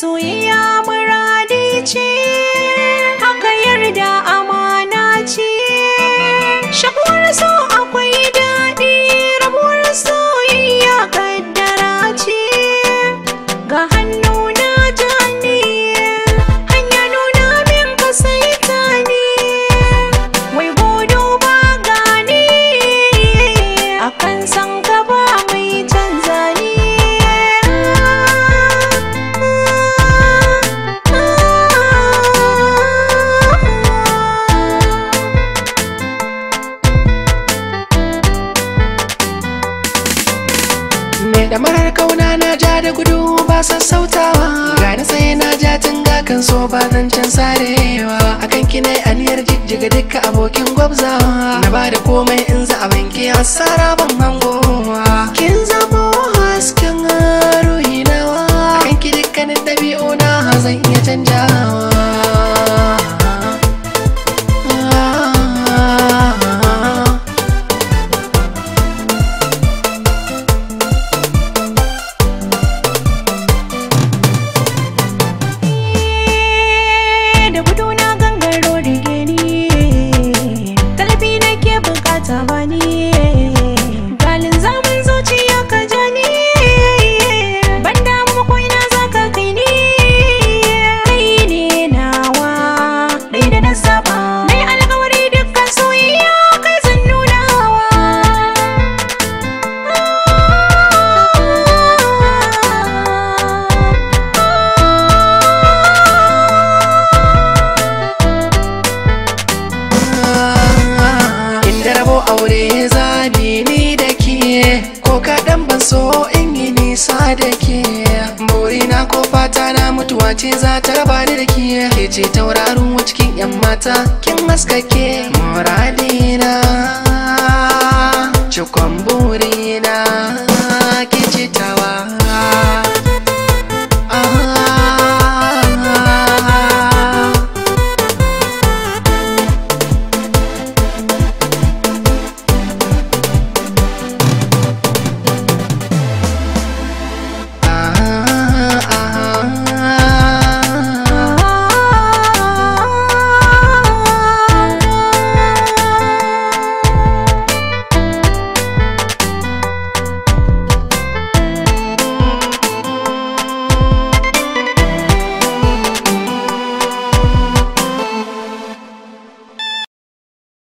soyayya muradi ce da marar kauna na ja da gudu ba sassautawa ga na sai na ja tun kan so ba zan can sarewa akan ki ne aniyar jijjiga duka abokin gwabzawa na ba da komai in za a banki hasara ban hangowa kin zama da mburi na ko fata na mutuwa ce za ta ni da ke ke ce tauraron cikin yan mata kin haskake